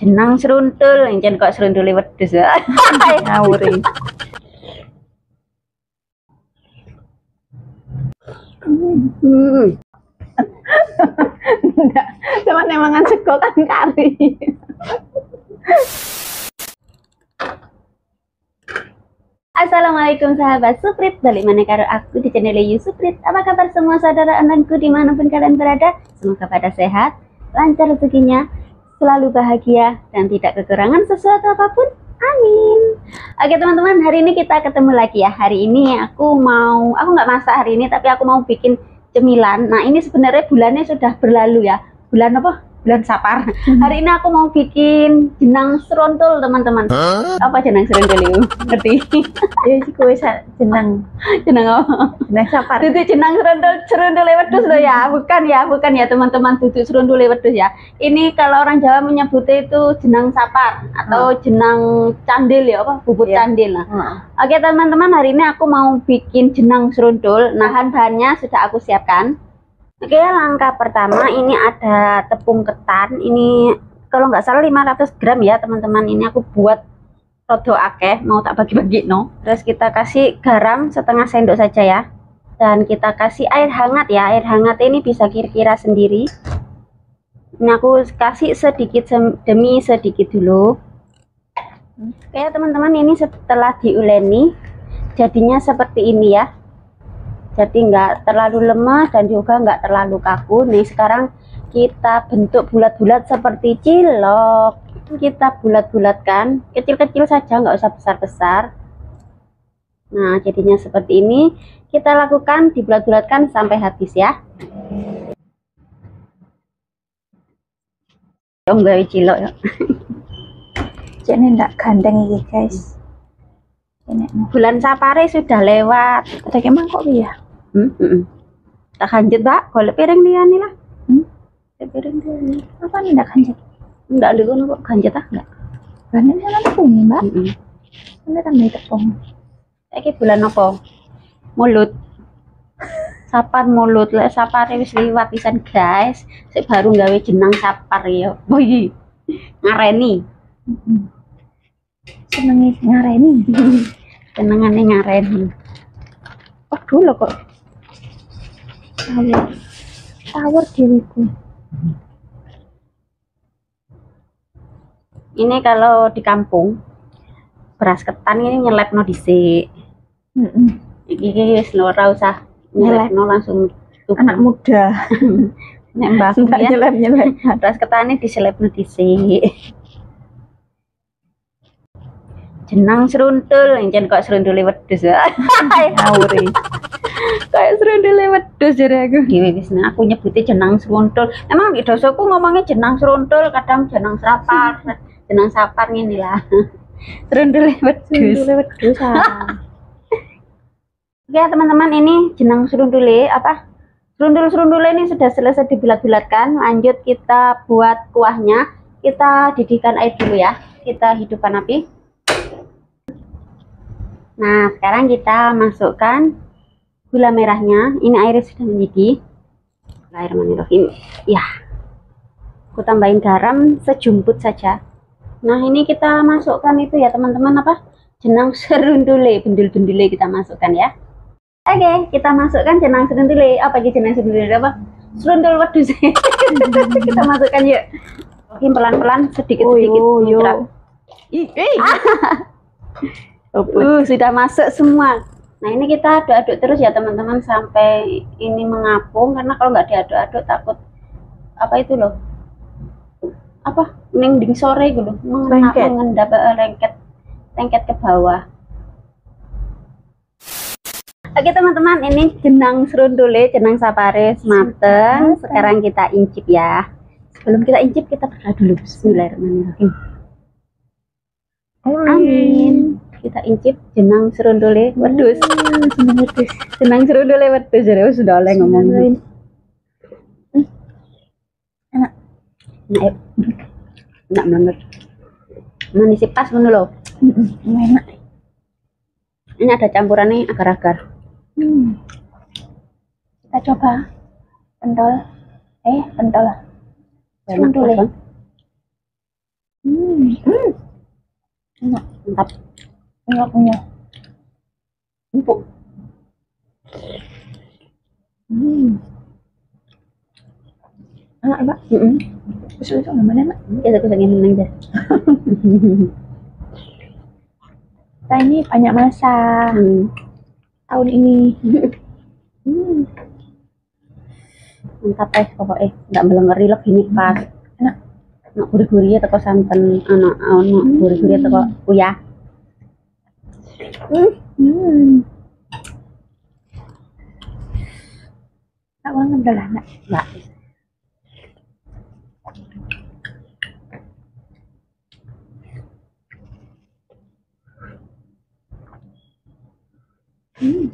jenang seruntul Jen kok seruntul ya. lewat desa ngawur enggak cuma nemangan kan kali Assalamualaikum sahabat Suprit, balik mana karo aku di channel You Suprit. Apa kabar semua saudara anakku dimanapun kalian berada? Semoga pada sehat, lancar rezekinya, selalu bahagia, dan tidak kekurangan sesuatu apapun. Amin. Oke teman-teman, hari ini kita ketemu lagi ya. Hari ini aku mau, aku nggak masak hari ini, tapi aku mau bikin cemilan. Nah ini sebenarnya bulannya sudah berlalu ya. Bulan apa? bulan sapar hmm. hari ini aku mau bikin jenang serontol teman-teman huh? apa jenang serontol ini ngerti ya sih kue jenang jenang apa jenang sapar duduk jenang serontol serontol lewat dus loh ya hmm. bukan ya bukan ya teman-teman duduk serontol lewat dus ya ini kalau orang Jawa menyebutnya itu jenang sapar atau hmm. jenang candil ya apa bubur yeah. candil lah. hmm. oke teman-teman hari ini aku mau bikin jenang serontol nah hmm. bahan-bahannya sudah aku siapkan Oke, langkah pertama ini ada tepung ketan. Ini kalau nggak salah 500 gram ya, teman-teman. Ini aku buat rodo akeh, mau tak bagi-bagi no. Terus kita kasih garam setengah sendok saja ya. Dan kita kasih air hangat ya. Air hangat ini bisa kira-kira sendiri. Ini aku kasih sedikit demi sedikit dulu. Oke, teman-teman, ini setelah diuleni jadinya seperti ini ya jadi enggak terlalu lemah dan juga enggak terlalu kaku nih sekarang kita bentuk bulat-bulat seperti cilok kita bulat-bulatkan kecil-kecil saja enggak usah besar-besar nah jadinya seperti ini kita lakukan dibulat-bulatkan sampai habis ya dong gawe cilok ya jadi ndak gandeng ya guys bulan sapare sudah lewat ada kemang kok ya Hmm, Tak hanjut, Pak. kalau piring dia nih lah. Hmm. piring nih. Apa nih tak hanjut? Enggak ada ngono kok hanjut ah, enggak. Bane ini kan tepung, Mbak. Hmm. Ini tambah tepung. Iki bulan apa? Mulut. Sapar mulut, lah. Sapar e wis liwat pisan, guys. Saya baru gawe jenang sapar ya. Boy. Ngareni. Heeh. ngareni. Senangannya ngareni. Aduh dulu kok sawur sawur diriku ini kalau di kampung beras ketan ini nyelep no disi. mm -mm. iki wis usah nyelep no langsung tubuh. anak muda nek mbakku ya nyelep nyelep beras ketan ini diselep no disi. jenang seruntul, jen kok seruntul ya. lewat desa. hahaha kayak serundel lewat dos jadi aku gini iya, wis nah, aku nyebutnya jenang serundel emang di aku ngomongnya jenang serundel kadang jenang serapar jenang sapar ini lah serundel lewat dos lewat dos ya teman-teman ini jenang serundule apa serundul serundule ini sudah selesai dibilat-bilatkan lanjut kita buat kuahnya kita didihkan air dulu ya kita hidupkan api Nah, sekarang kita masukkan gula merahnya ini airnya sudah mendidih air ini ya aku tambahin garam sejumput saja nah ini kita masukkan itu ya teman-teman apa jenang serundule bendul-bendule kita masukkan ya oke okay, kita masukkan jenang serundule apa oh, jenang serundule apa serundul waduh sih kita masukkan yuk oke pelan-pelan sedikit-sedikit oh, uh, sudah masuk semua Nah ini kita aduk-aduk terus ya teman-teman sampai ini mengapung karena kalau nggak diaduk-aduk takut apa itu loh apa mending sore gitu mengenap mengendap eh, lengket lengket ke bawah. Oke teman-teman ini jenang serundule jenang saparis mateng sekarang kita incip ya. Sebelum kita incip kita berdoa dulu Bismillahirrahmanirrahim. Amin. Amin kita incip jenang serundule wedus jenang wedus jenang serundule wedus jadi sudah oleh ngomong hmm. enak enak enak banget manis pas ngono loh enak ini ada campuran nih agar-agar hmm. kita coba pentol eh pentol serundule hmm. hmm. enak mantap Enak enggak Empuk. Hmm. Pak. Mm mana, Ya, Kita ini banyak masa. Mm. Tahun ini. hmm. Mantap eh pokoknya enggak melengeri lah ini pas. Enak. Enak gurih-gurih teko santan anak anak hmm. gurih-gurih teko uyah. Mm. Tawa mm. ng dala na. Ba? Mm.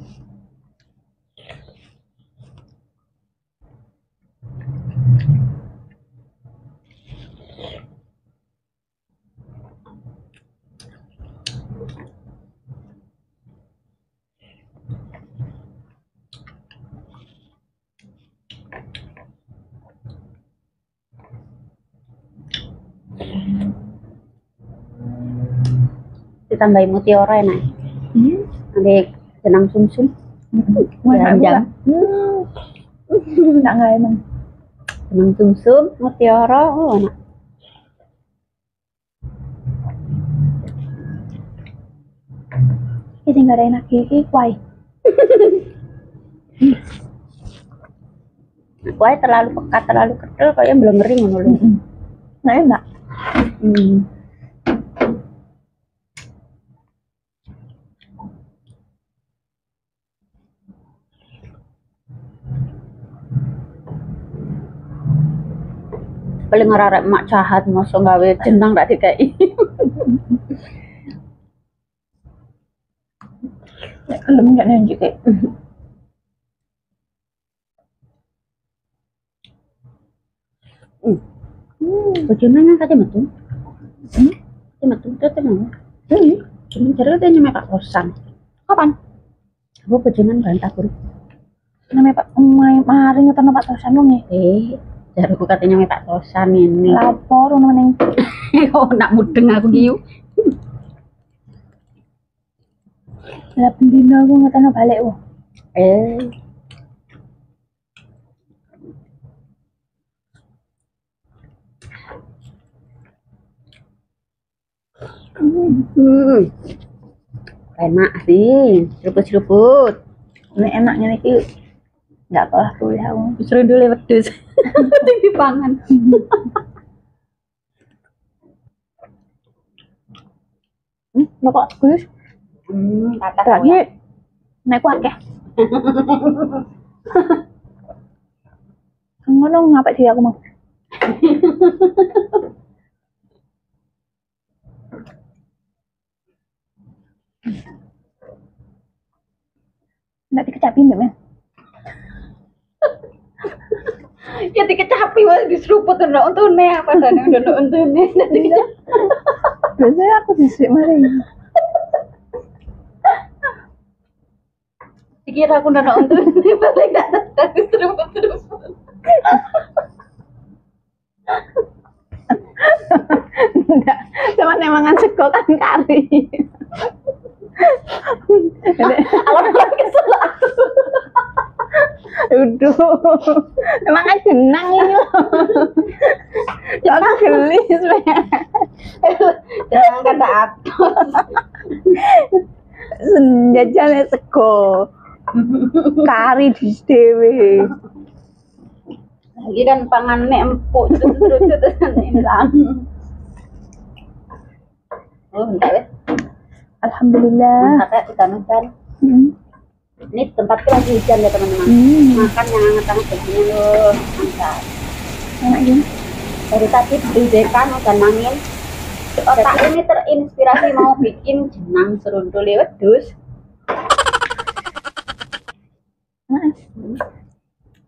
ditambahin mutiara enak hmm. Ada jenang sumsum -sum. jam hmm. nggak emang jenang sumsum mutiara oh enak Ini nggak ada enak iki kuai. Kuai terlalu pekat, terlalu kental, kayaknya belum ngeri ngono Nah, enak. Mm. paling ngerarek mak jahat masuk gawe jenang tak dikai Kalau nggak gak kayak Hmm. Bagaimana kata metu? Hmm? Kata metu, kata mana? Hmm. Cuma cari kata nyampe Pak Kosan. Kapan? Aku bagaimana bantah guru. Namanya Pak, maring ngetan Pak Kosan dong ya? Eh, jaruku katanya tak tosan ini lapor ono ning kok nak mudeng aku ki lah pendino aku ngeteno balik wo eh Hmm. Enak sih, seruput-seruput. Ini enaknya nih, nggak kalah kuliah aku justru dulu dus, penting pangan. hmm lo kok gus hmm lagi iya. naik kuat ya dong ngapa sih aku mau Nanti kecapin deh, men. ya dikecapi wah diseruput untuk untuk ne apa tadi udah untuk ne iya. biasanya aku disik mari dikira aku nana untuk ne pas lagi datang tapi seruput terus enggak cuman emangan sekolah kari aku kesel aku duduk emang kan jenang ini loh jenang gelis sebenarnya jangan kata atas senjajane sego kari di dewe lagi kan pangan nek empuk terus hilang oh ya. Alhamdulillah. wes alhamdulillah kita Hmm ini tempatku lagi hujan ya teman-teman hmm. makan yang hangat-hangat begini loh mantap enak ya dari tadi dijekan dan angin otak ini terinspirasi mau bikin jenang serundul lewat ya, dus nice. hmm.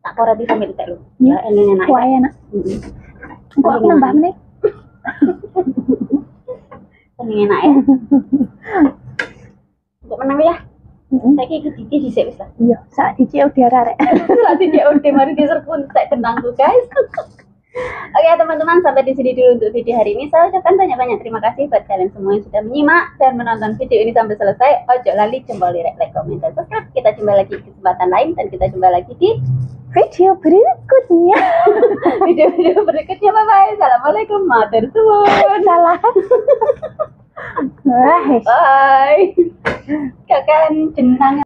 tak kora bisa minta ya ini enak wah enak kok aku nambah nih ini enak ya untuk menang ya nanti ikut Diki di lah. Iya, saat di COD rare. Saat di COD, mari diserpun, saya guys. Oke teman-teman, sampai di sini dulu untuk video hari ini. Saya ucapkan banyak-banyak terima kasih buat kalian semua yang sudah menyimak dan menonton video ini sampai selesai. Ojo lali jempol like, like, comment, dan subscribe. Kita jumpa lagi di kesempatan lain dan kita jumpa lagi di video berikutnya. Video-video berikutnya, bye-bye. Assalamualaikum, warahmatullahi wabarakatuh. Salam. ơi chào các anh Trình Năng